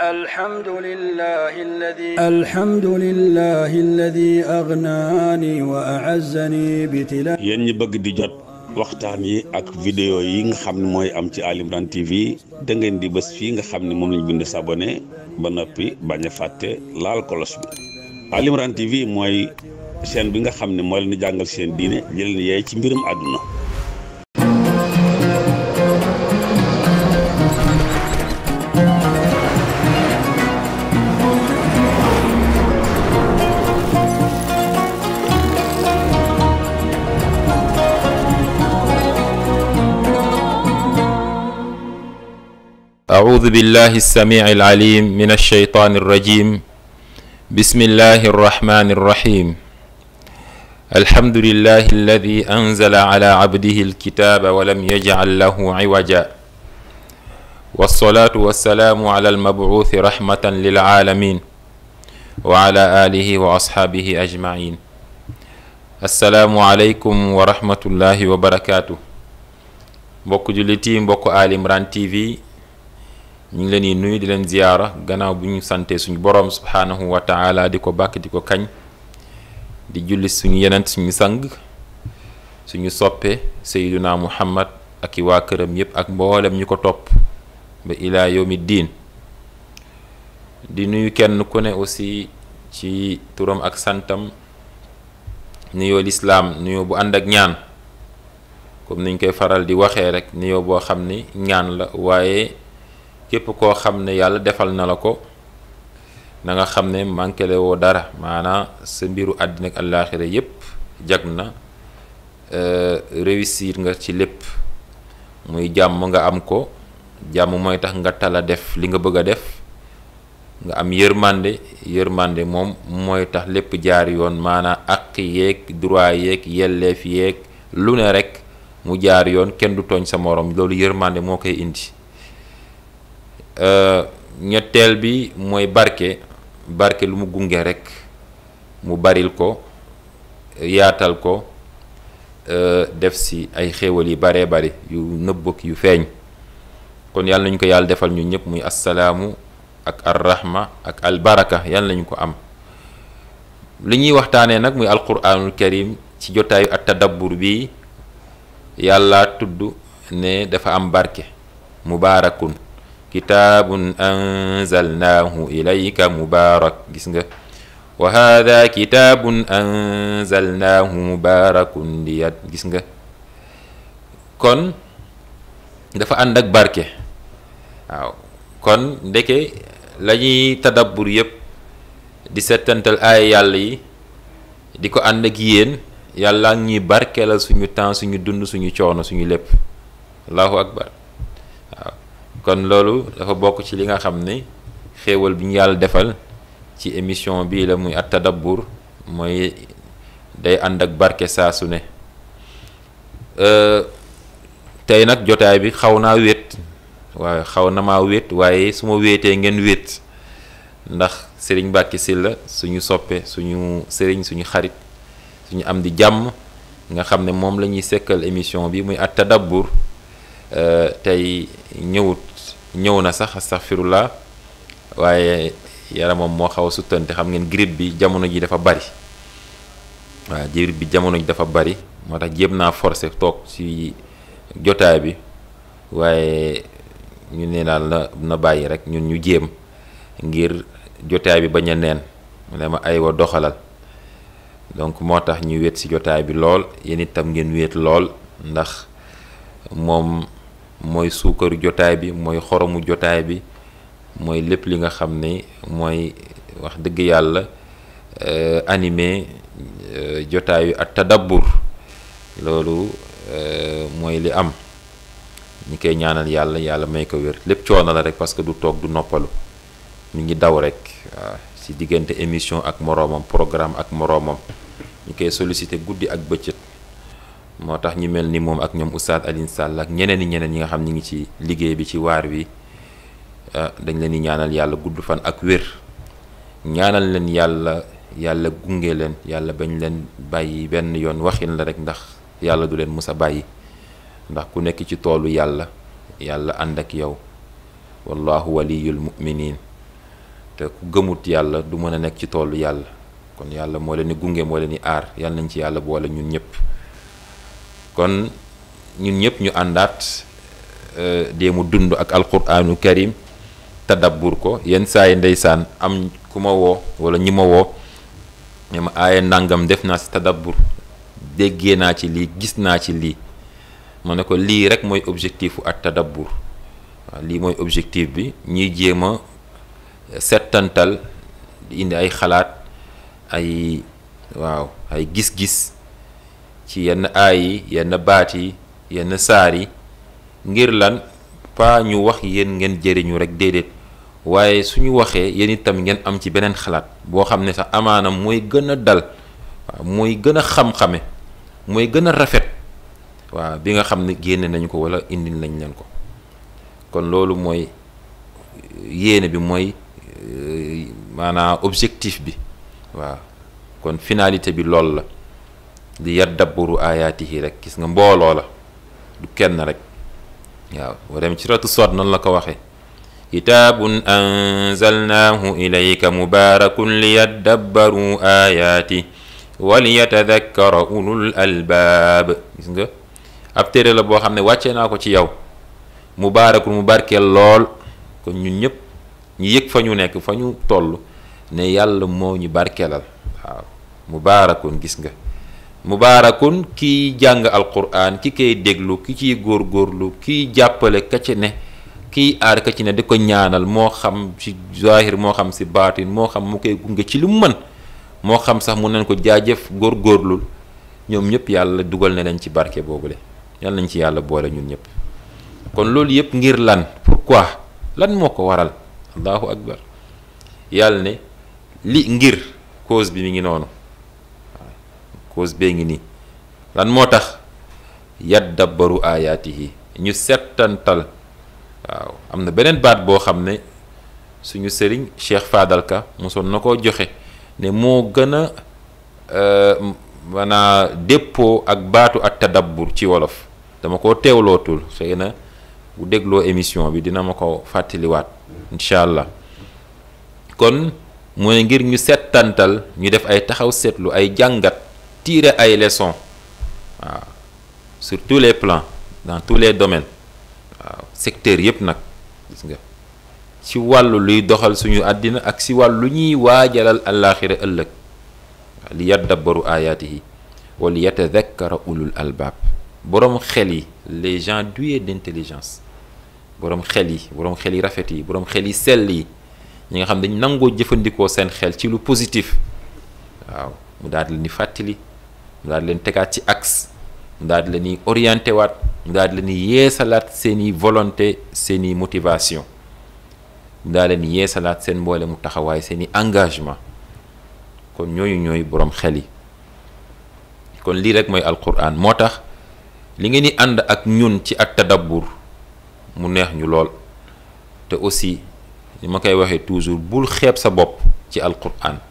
الحمد لله الذي bëgg di jot waxtaan yi ak vidéo yi nga xam ne mooy am ci Ali Imran TV da ngeen di bés fii nga xam ni moom lañ bind sabone ba noppi bañ a fàtte laal kolos bi Ali Imran TV mooy chaîne bi nga xam ne moo leen di jàngal seen diine jëleen yee ci mbirum àdduna أعوذ بالله السميع العليم من الشيطان الرجيم بسم الله الرحمن الرحيم الحمد لله الذي أنزل على عبده الكتاب ولم يجعل له عوجا والصلاة والسلام على المبعوث رحمة للعالمين وعلى آله وأصحابه أجمعين السلام عليكم ورحمة الله وبركاته mbokk jullit yi mbokk Ali Imran TV ñu ngi leen di nuyu di leen ziyaara gannaaw bu ñu santee suñu boroom subhaanahu wa taala di ko bàkk di ko kañ di julli suñu yeneen suñu sang suñu soppe sayyiduna muhammad ak i waa këram yépp ak mboolem ñu ko topp ba ilaa yawmi diin di nuyu kenn ku ne aussi ci turam ak santam nuyoo lislaam nuyoo bu ànd ak ñaan comme nañ koy faral di waxee rek nuyoo boo xam ni ñaan la waaye képp koo xam ne yàlla defal na la ko na nga xam ne manqué le woo dara maanaam sa mbiru àddina ak àllaaxira yépp jag na euh, réussir nga ci lépp muy jàmm nga am ko jàmm mooy tax nga tala def li nga bëgg a def nga am yërmande yërmande moom mooy tax lépp jaar yoon maanaam àq yeeg droit yeeg yelleef yeeg lu ne rek mu jaar yoon kenn du tooñ sa moroom loolu yërmande moo koy indi ñetteel bi mooy barke barke lu mu gunge rekk mu baril ko yaatal ko def si ay xéewal yi bare bari yu nëbbëg yu feeñ kon yàlla nañu ko yàlla defal ñu ñëpp muy assalaamu ak arrahma ak albaraka yàlla nañu ko am li ñuy waxtaanee nag muy alquranul karim ci jotaayu ak tadabbur bi yàlla tudd ne dafa am barke mubaarakun kitaabun anzalnaahu ilayka mubaarak gis nga wa haada kitaabun anzalnaahu mubaarakun liyat gis nga kon dafa ànd ak barke waaw kon ndeke la ñuy yépp di settantal aaya yàlla yi di ko ànd ak yéen yàlla ñuy barke la suñu temps suñu dund suñu coono suñu lépp allahu akbar kon loolu dafa bokk ci li nga xam ne xéewal bi ñu yàlla defal ci émission bii la muy at tadabbur mooy day ànd ak barke saa su ne euh, tey nag jotaay bi xaw naa wéet waaye xaw na maa wéet waaye su ma wéetee ngeen wéet ndax sëriñ Mbàkke Sylla suñu soppee suñu sëriñ suñu xarit suñu am di jàmm nga xam ne moom la ñuy sekkal émission bi muy at tadabbur euh, tey ñëwut ñëw na sax sax astaghfirullah waaye yaram yaramam moo xaw a suttante xam ngeen grippe bi jamono ji dafa bari waaw grippe bi jamono ji dafa bari moo tax jéem naa forcé toog ci jotaay bi waaye ñu ne daal na bàyyi rek ñun ñu jéem ngir jotaay bi bañ a neen mu ne ma aywa doxalal donc moo tax ñu wéet ci jotaay bi lool yéen itam ngeen wéet lool ndax moom mooy suukaru jotaay bi mooy xoromu jotaay bi mooy lépp li nga xam ni mooy wax dëgg yàlla euh, animé euh, jotaayu ak tadabbur loolu euh, mooy li am ñu koy ñaanal yàlla yàlla may ko wér lépp coono la rek parce que du toog du noppalu mi ngi daw rek waaw si diggante émission ak moroomam programme ak moroomam ñu koy sollicité guddi ak bëccëg moo tax ñu mel ni moom ak ñoom Oustaz Alioune Sall ak ñeneen ñi ñeneen ñi nga xam ñu ngi ci liggéey bi ci waar wi ah, dañ leen di ñaanal yàlla gudd fan ak wér ñaanal leen yàlla yàlla gunge leen yàlla bañ leen bàyyi benn yoon waxin la rek ndax yàlla du leen mus a bàyyi ndax ku nekk ci toolu yàlla yàlla ànd ak yow wallahu waliyul muminin te ku gëmut yàlla du mën a nekk ci toolu yàlla kon yàlla moo leen gunge moo leen di aar yàlla nañ ci yàlla boole ñun ñëpp kon ñun ñépp ñu àndaat euh, déemu dund ak alquraanu karim tadabbur ko yenn saa yi ndeysaan am ku ma woo wala ñi ma woo ne ma aaya nangam def naa si tadabbur déggee naa ci lii gis naa ci lii ma ne ko lii rek mooy objectif u ak tadabbur waaw lii mooy objectif bi ñuy jéem a settantal di indi ay xalaat ay waaw ay gis-gis ci yenn ayi yenn baat yi yenn saar yi ngir lan pa ñu wax yéen ngeen jëriñu rek déedéet waaye suñu waxee yéen itam ngeen am ci beneen xalaat boo xam ne sax amaanam mooy gën a dal mooy gën a xam-xame mooy gën a rafet waa bi nga xam ne génne nañ ko wala indil nañ leen ko kon loolu mooy yéene bi mooy euh, maanaa objectif bi waaw kon finalité bi loolu la li yaddabburu ayaatihi rek gis nga mbooloo la du kenn rek waaw boo dem ci ratu sot noonu la ko waxee kitaabun anzalnaahu ilayka mubaarakun liyaddabbaru ayaati wa liyatadakkara ulul albaab gis nga ab téere la boo xam ne wàcce naa ko ci yow mubaarakun mu barkeel lool kon ñun ñëpp ñu yëg fa ñu nekk fa ñu toll ne yàlla moo ñu barkeelal waaw mubaarakun gis nga mubaarakun kiy jàng alquran ki koy déglu ki ciy góorgóorlu kiy jàppale ka ci ne kiy aar ka ci ne di ko ñaanal moo xam ci zahir moo xam si baatin moo xam mu koy gunge ci lu mu mën moo xam sax mu neen ko jaajëf góorgóorlu ñoom ñëpp yàlla dugal ne leen ci barke boobule yàlla nañ ci yàlla boole ñun ñëpp kon loolu yëpp ngir lan pourquoi lan moo ko waral allahu akbar yàlla ne li ngir cause bi mi ngi noonu cause bee ngi nii lan moo tax yat yaddabbaru yi ñu settantal waaw am na beneen baat boo xam ne suñu sëriñ Cheikh Fadal Ka mosoon na ko joxe ne moo gën a euh, maanaa déppoo ak baatu ak tadabbur ci wolof dama ko teewlootul xëy na bu dégloo émission bi dina ma ko fàttaliwaat incha allah kon mooy ngir ñu settantal ñu def ay taxaw seetlu ay jàngat tiire ay leçons waaw sur tous les plans dans tous les domaines waaw secteur yëpp nag nga ci wàll luy doxal suñu àddina ak si wàllu lu ñuy waajalal àllaaxira ëllëg li yaddabbaru aayaatihi wa li yatadakkara ulul albaab boroom xel yi les gens doués intelligence boroom xel yi boroom xel yi rafet yi boroom xel yi sell yi ñi nga xam dañ nangoo jëfandikoo seen xel ci lu positif waaw mu daal di ni fàttali daal leen tegaat ci axe daal di leen di orienté waat daal di leen di yeesalaat seeni i volonté seen i motivation daal di leen yeesalaat seen mboole mu taxawaay seeni engagement kon ñooñu ñooy boroom xel yi kon lii rek mooy alquran moo tax li ngeen di ànd ak ñun ci at tadabbur mu neex ñu lool te aussi li ma koy waxee toujours bul xeeb sa bopp ci alquran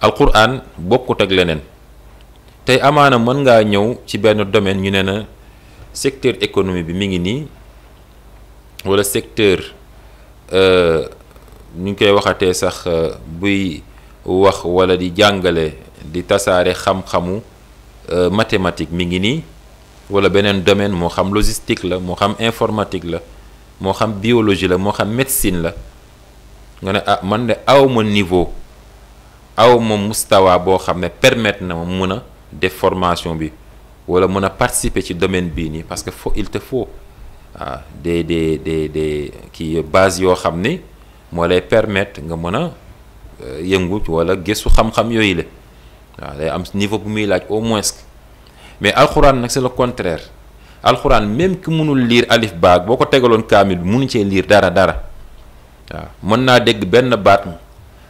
alquran bokkut ak leneen. tey amaana mën ngaa ñëw ci benn domaine ñu ne na secteur économie bi mi ngi nii walla secteur euh, ñu ngi koy waxatee sax euh, buy wax walla di jàngale di tasaare xam-xamu euh, mathématique mi ngi nii walla beneen domaine moo xam logistique la moo xam informatique la moo xam biologie la moo xam médecine la nga ne ah man de aw ma niveau aw ma mustawa boo xam ne permettre na ma mun a def formation bi wala mën a participer ci domaine bii nii parce que foo il te faut ah de de des des kii base yoo xam ni moo lay permettre nga mën a euh, yëngu wala gëstu xam-xam yooyu la waaw day am niveau bu muy laaj au moins mais alxuraan nag c'est le contraire alxuraan même ki mënul liir alif baag boo ko tegaloon kaamil bi mënu cee liir dara dara waaw mën naa dégg benn baat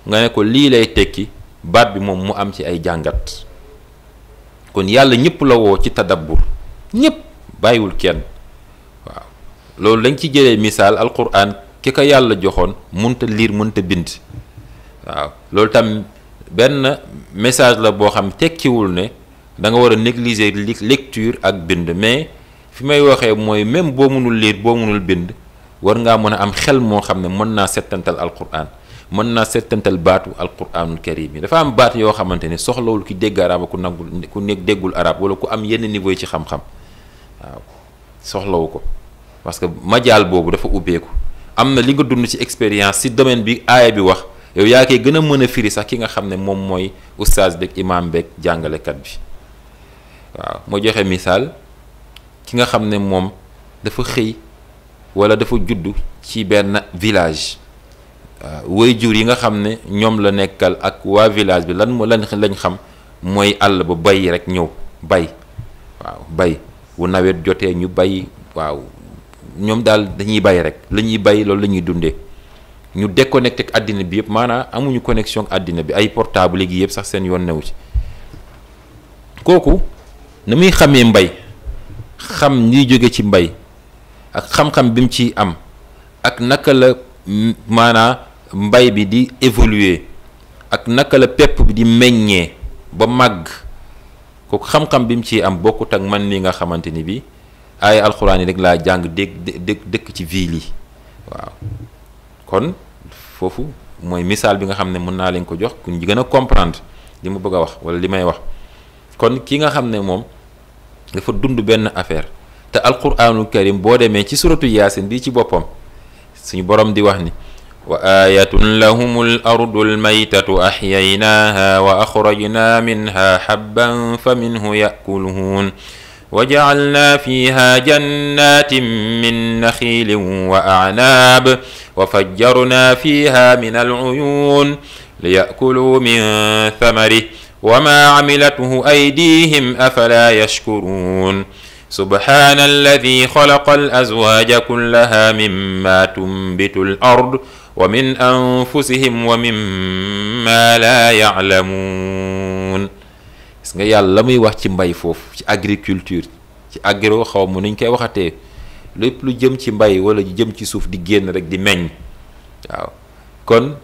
nga ne ko lii lay tekki baat bi moom mu am ci ay jàngat. kon yàlla ñëpp la woo ci tadabbur ñëpp bàyyiwul kenn waaw loolu dañ ci jëlee misaal alquran ki ko yàlla joxoon mënta liir mënta bind waaw loolu tam benn message la boo xam tekkiwul ne danga nga war a négliger lecture ak bind mais fi may waxee mooy même boo mënul liir boo mënul bind war ngaa mën a am xel moo xam ne mën naa settantal alxuraan mën naa settantal baatu alquranul karim yi dafa am baat yoo xamante ne soxlawul ki dégg arab ku nangul ku nekk déggul arab wala ku am yenn niveau yi ci xam-xam waaw soxlawu ko parce que majaal boobu dafa ubbeeku am na li nga dund ci expérience ci domaine bi aaya bi wax yow yaa koy gën a mën a firi sax ki nga xam ne moom mooy oustaz beeg imaam beeg jàngalekat bi waaw moo joxe misaal ki nga xam ne moom dafa xëy wala dafa juddu ci benn village Euh, way jur yi nga xam ne ñoom la nekkal ak waa village bi lan moo lan lañ xam mooy àll ba bay rek ñëw bay waaw bay bu nawet jotee ñu bay waaw ñoom daal dañuy bay rek lañuy ñuy bay loolu la ñuy dundee ñu déconnecté ak àddina bi yëpp maanaam amuñu connexion ak àddina bi ay portable gi yëpp sax seen yoon newu ci kooku na muy xamee mbay xam ñuy jóge ci mbay ak xam-xam bi mu ciy am ak naka la maanaa mbay bi di évolue ak naka la pepp bi di meññee ba màgg kooku xam-xam bi mu ciy am bokkut ak man nii nga xamante ni bi ay alxuraan yi rek laa jàng dégg dégg dëkk ci ville yi waaw kon foofu mooy misaal bi nga xam ne mën naa leen ko jox ku ñu gën a comprendre li mu bëgg a wax wala li may wax kon ki nga xam ne moom dafa dund benn affaire te alxuraanul karim boo demee ci suratu yaasin bii ci boppam suñu borom di wax ni wa aayatun lahum al ardu almaytatu axyaynaha wa axrajna minha xabban fa minhu yakuluun wa jacalna fiha jannatin min naxiilin wa acnaab wa fajjarna fiha min alcuyuun liyakuluu min thamarih wama camilathu aydihim afala yashkuruun subhaana alladi xalaqa alazwaaja kullaha mimma tunbitu al ard wa min anfusihim wa mimma laa yaalamuun gis nga yàlla la muy wax ci mbay foofu ci agriculture ci agro xaw ma nuñ koy waxatee lépp lu jëm ci mbay wala jëm ci suuf di génn rek di meññ waaw kon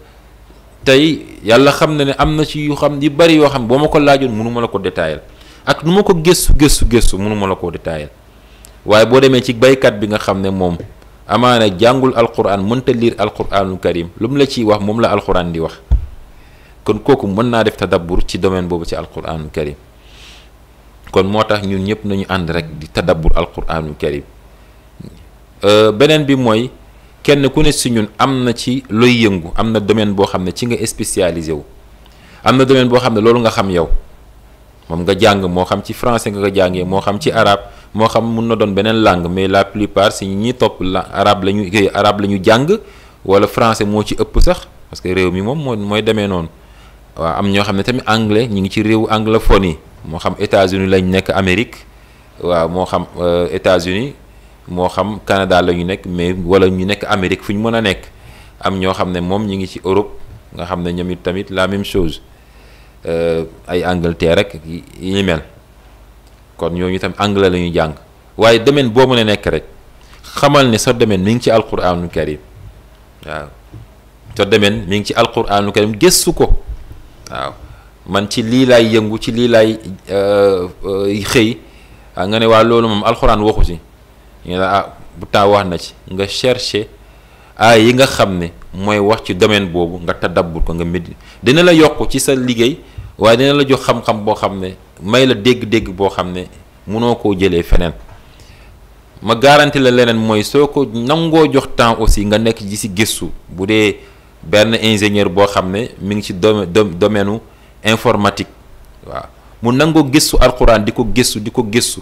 tey yàlla xam na ne am na ci yu xam yu bari yoo xam ne boo ma ko laajoon mënuma la ko détaillé ak nu ma ko gëstu gëstu gëstu mënu ma la ko détaillé waaye boo demee ci baykat bi nga xam ne moom amaana jàngul alquran mënta liir alquranul karim lu mu la ciy wax moom la alquran di wax kon kooku mën naa def tadabbur ci domaine boobu ci alquranul karim kon moo tax ñun ñëpp nañu ànd rek di tadabbur alquranul karim euh, beneen bi mooy kenn ku ne si ñun am na ci looy yëngu am na domaine boo xam ne ci nga spécialisé wu am na domaine boo xam ne loolu nga xam yow moom nga jàng moo xam ci français nga ko jàngee moo xam ci arabe moo xam mun na doon beneen langue mais la plupart si ñi topp la arabe la ñu kii arabe ñu jàng wala français moo ci ëpp sax parce que réew mi moom moo mooy demee noonu waa am ñoo xam ne tamit anglais ñu ngi ci réewu anglophone yi moo xam États-Unis lañ nekk Amérique waaw moo xam euh, États-Unis moo xam Canada la ñu nekk mais wala ñu nekk Amérique fu ñu mën a nekk am ñoo xam ne moom ñu ngi ci Europe nga xam ne ñoom it tamit la même chose euh, ay Angleterre rek yi mel. kon ñooñu tamit anglais la ñuy jàng waaye domaine boo mën a nekk rek xamal ne sa domaine mi ngi ci alquranul karim waaw sa domaine mi ngi ci alquranul karim gëstu ko waaw man ci lii laay yëngu ci lii laay euh, euh, xëy ah, nga ne waa loolu moom alquran waxu si ñu la ah bu temps wax na ci nga chercher ay yi nga xam ne mooy wax ci domaine boobu nga tadabbur ko nga médi dina la yokk ci sa liggéey waaye dina la jox xam-xam boo xam ne may la dégg-dégg boo xam ne mënoo koo jëlee feneen ma garanti la leneen mooy soo ko nangoo jox temps aussi nga nekk ji si gëstu bu dee benn ingénieur boo xam ne mi ngi ci dom domaine informatique waaw mu nangoo gëstu alxuraan di ko gëstu di ko gëstu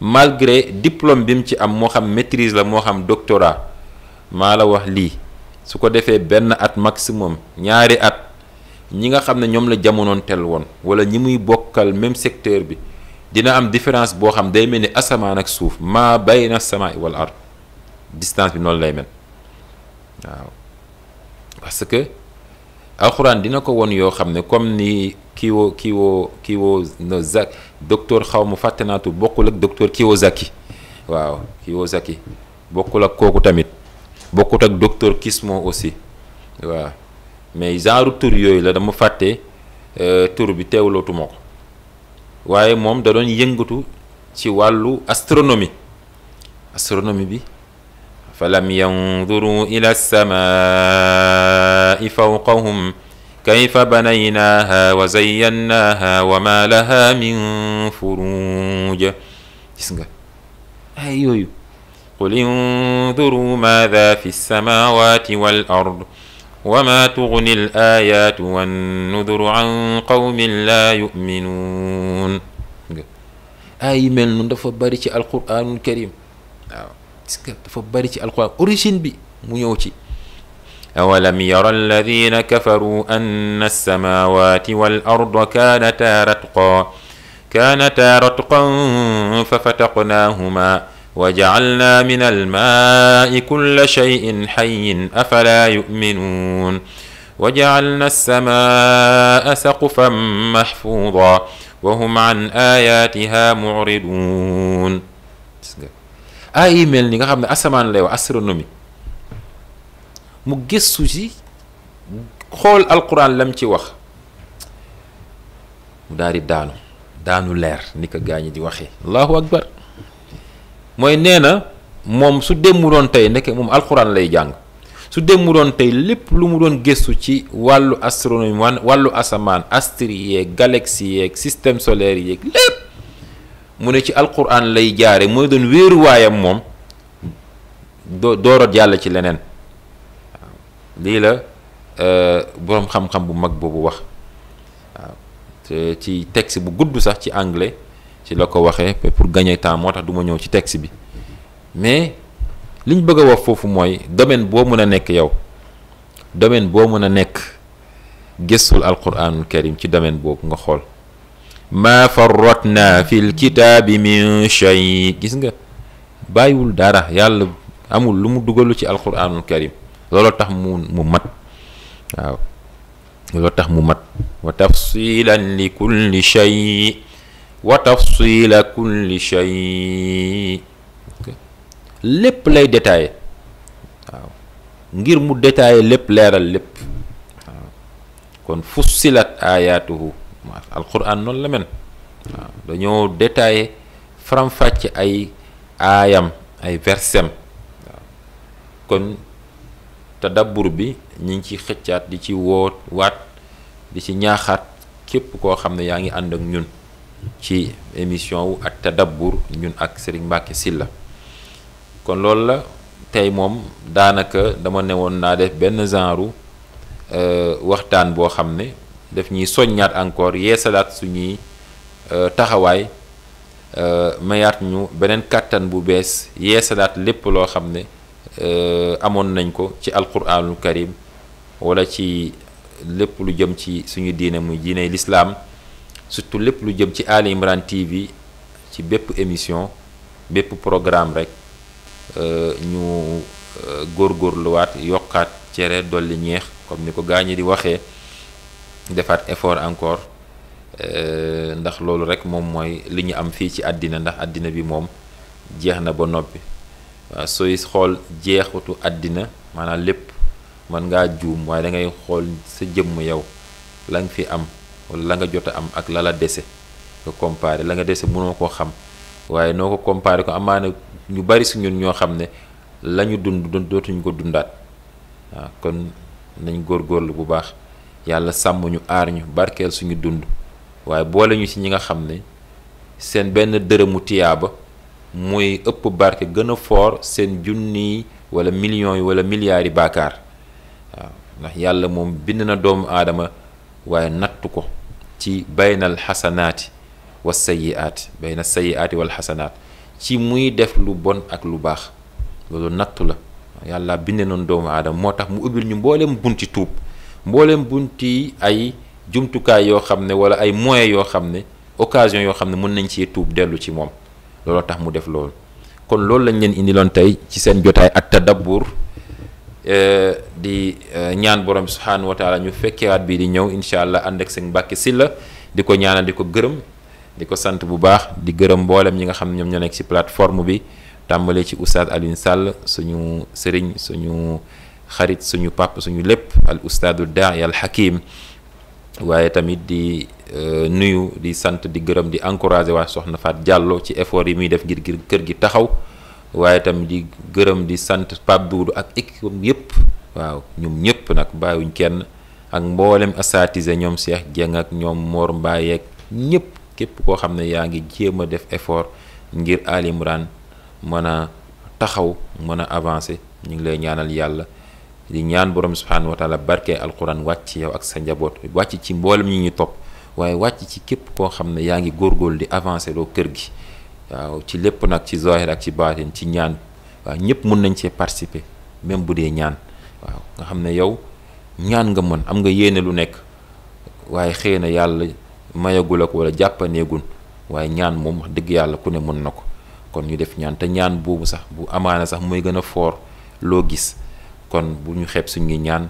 malgré diplôme bi mu ci am moo xam maîtrise la moo xam doctorat maa la wax lii su ko defee benn at maximum ñaari at ñi nga xam ne ñoom la jamonoon tel woon wala ñi muy bokkal même secteur bi dina am différence boo xam day mel ni asamaan ak suuf maa bayna samaay wal ard distance bi noonu lay mel waaw parce que alxuraan dina ko won yoo xam ne comme ni kiwo kiwo kiwo no zak docteur xaw ma fàtte naa tudd bokkul ak docteur Kiyosaki waaw Kiyosaki bokkul ak kooku tamit bokkut ak docteur Kismo aussi waaw mais genre tur yooyu la dama fàtte euh, tur bi teewlootuma ko waaye moom da doon yëngatu ci wàllu astronomie astronomie bi falam yanduru ila samai fawqahum kayfa banaynaha wa zayyannaha wa min furuj nga ay yooyu qul induru maada fi lsamawati wal وما تغني الآيات والنذر عن قوم لا يؤمنون aay yi mel noonu dafa bari ci alquraanul karim waaw gis nga dafa bari ci alquraan origine bi mu ñëw ci awalam yara alladina kafaru anna alsamawati wal arda kaanataa ratqaa kaanataa ratqan fa fataqnaahuma وجعلنا من الماء كل شيء حي أفلا يؤمنون وجعلنا السماء سقفا محفوظا وهم عن آياتها معرضون ay yi mel ni nga xam ne asamaan lay wax astronomie mu gëstu ci xool alquran lam ci wax mu daal di daanu daanu leer ni ko gaañi di waxee allahu akbar mooy nee na moom su dem mu doon tey ndeke moom alxuraan lay jàng su dem mu doon tey lépp lu mu doon gëstu ci wàllu astronomie wàllu asamaan astre yeeg galaxie yeek système solaire yeeg lépp mu ne ci alxuraan lay jaare mooy doon wéeruwaayam moom doo doora jàll ci leneen lii la euh, boroom xam-xam bu mag boobu wax waaw te ci texte bu gudd sax ci anglais ci la ko waxee pour gagner temps moo tax du ma ñëw ci texte bi mais liñ bëgg a wax foofu mooy domaine boo mën a nekk yow domaine boo mën a nekk gëstul alquranul karim ci domaine boobu nga xool ma maa farratna fi lkitaabi min shay gis nga bàyyiwul dara yàlla amul lu mu dugalu ci alquranul karim looloo tax mu mu mat waaw looloo tax mu mat wa tafsilan li kulli shay wa tafsila kulli shay lépp lay détaillé waaw ngir mu détaillé lépp leeral lépp waaw kon fussilat ayatuhu alquran noonu la mel waaw dañoo détaillé faram ay aayam ay versem waaw kon tadabbur bi ñi ngi ci xëccaat di ci woo waat di ci ñaaxaat képp koo xam ne yaa ngi ànd ak ñun ci émission wu ak tadabbur ñun ak Serigne Mbacke Sylla kon loolu la tey moom daanaka dama ne woon naa def benn genre euh, waxtaan boo xam ne daf ñuy soññaat encore yeesalaat suñuy euh, taxawaay euh, mayaat ñu beneen kàttan bu bees yeesalaat lépp loo xam ne amoon nañ ko ci alquranul karim wala ci lépp lu jëm ci suñu diine muy diiney lislaam surtout lépp lu jëm ci Ali Imran TV ci bépp émission bépp programme rek euh, ñu góor euh, góorgóorluwaat yokkaat cere dolli ñeex comme ni ko gaañi di waxee defaat effort encore euh, ndax loolu rek moom mooy li ñu am fii ci àddina ndax àddina bi moom jeex na ba noppi waaw sooy xool jeexatu àddina maanaam lépp mën ngaa juum waaye da ngay xool sa jëmm yow la nga fi am wala la nga jot am ak la dese nga comparé la nga dese mënoo koo xam waaye noo ko comparé ko amaana ñu bari suñu ñoo xam ne la ñu dund dootuñu ko dundaat waaw kon nañ góor góorlu bu baax yàlla sàmm ñu aar ñu barkeel suñu dund waaye boole ñu ci ñi nga xam ne seen benn dërëmu tiyaaba mooy ëpp barke gën a foor seen junni wala million yi wala milliards yi baakaar waaw ndax yàlla moom bind na doomu aadama waaye natt nattu ko ci baynal xasanaati wa sayiaati bayna sayiaati wal xasanaat ci muy def lu bon ak lu baax loolu nattu la yàlla binde noonu doomu aadama moo tax mu ubbil ñu mbooleem bunti tuub mbooleem bunti ay jumtukaay yoo xam ne wala ay moyens yoo xam ne occasion yoo xam ne mën nañ cee tuub dellu ci moom looloo tax mu def loolu kon loolu lañ leen indiloon tey ci seen jotaay ak tadabbur Eh, di eh, ñaan borom bi subhaanahu wa taala ñu fekkewaat bii di ñëw incha allah ànd ak seen si la di ko ñaanal di ko gërëm di ko sant bu baax di gërëm mboolem ñi nga xam ne ñoom ñoo nekk ci plateforme bi tàmbale ci oustaz Alioune Sall suñu sëriñ suñu xarit suñu pap suñu lépp al oustadu daa al hakim waaye tamit di eh, nuyu di sant di gërëm di encourager waa soxna Faat Diallo ci effort yi muy def ngir ngir kër gi taxaw waaye tam di gërëm di sant Pape Doudou ak équipe yëpp waaw ñoom ñëpp nag bàyyiwuñ kenn ak mboolem asatise ñoom seex Dieng ak ñoom Mor Mbaye ak ñëpp képp koo xam ne yaa ngi jéem a def effort ngir Ali Imran mën a taxaw mën a avancer ñu ngi lay ñaanal yàlla di ñaan borom subhanahu wa taala barke alquran wàcc yow ak sa njaboot wàcc ci mboolem ñu ñu topp waaye wàcc ci képp koo xam ne yaa ngi góorgóorlu di avancer loo kër gi. waaw ci lépp nag ci zahir ak ci baatin ci ñaan waaw ñëpp mun nañ cee participer même bu dee ñaan waaw nga xam ne yow ñaan nga mën am nga yéene lu nekk waaye xëye na yàlla mayagul ko wala jàppaneegun waaye ñaan moom wax dëgg yàlla ku ne mën na ko kon ñu def ñaan te ñaan boobu sax bu amaana sax mooy gën a foor loo gis kon bu ñu xeeb suñuy ñaan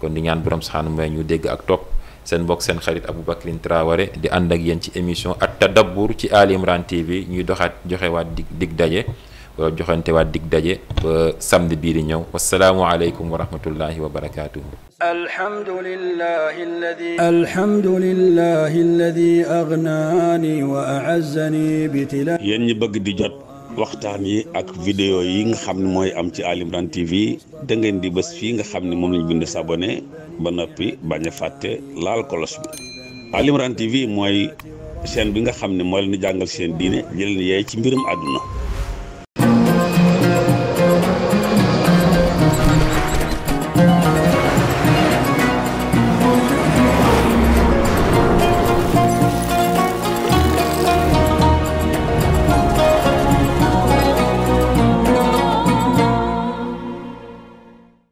kon di ñaan borom saxaanu may ñu dégg ak topp seen mbokk seen xarit Aboubacrine Traoré di ànd ak yéen ci émission at tadabbur ci Ali Imran TV ñuy doxaat joxewaat dig dig daje euh, joxantewaat dig daje ba samedi bii di ñëw wasalaamu aleykum wa rahmatullahi wa barakaatuhu alhamdulillahi alladi alhamdulillahi alladi agnaani wa a'azzani bi tila bëgg di jot waxtaan yi ak vidéo yi nga xam ne mooy am ci Ali yi TV da ngeen di bés fii nga xam ne moom lañ bind sabone ba noppi bañ a fàtte laal kolos bi Ali Imran mooy seen bi nga xam ne mooy leen di jàngal seen diine jëleen yaay ci mbirum àdduna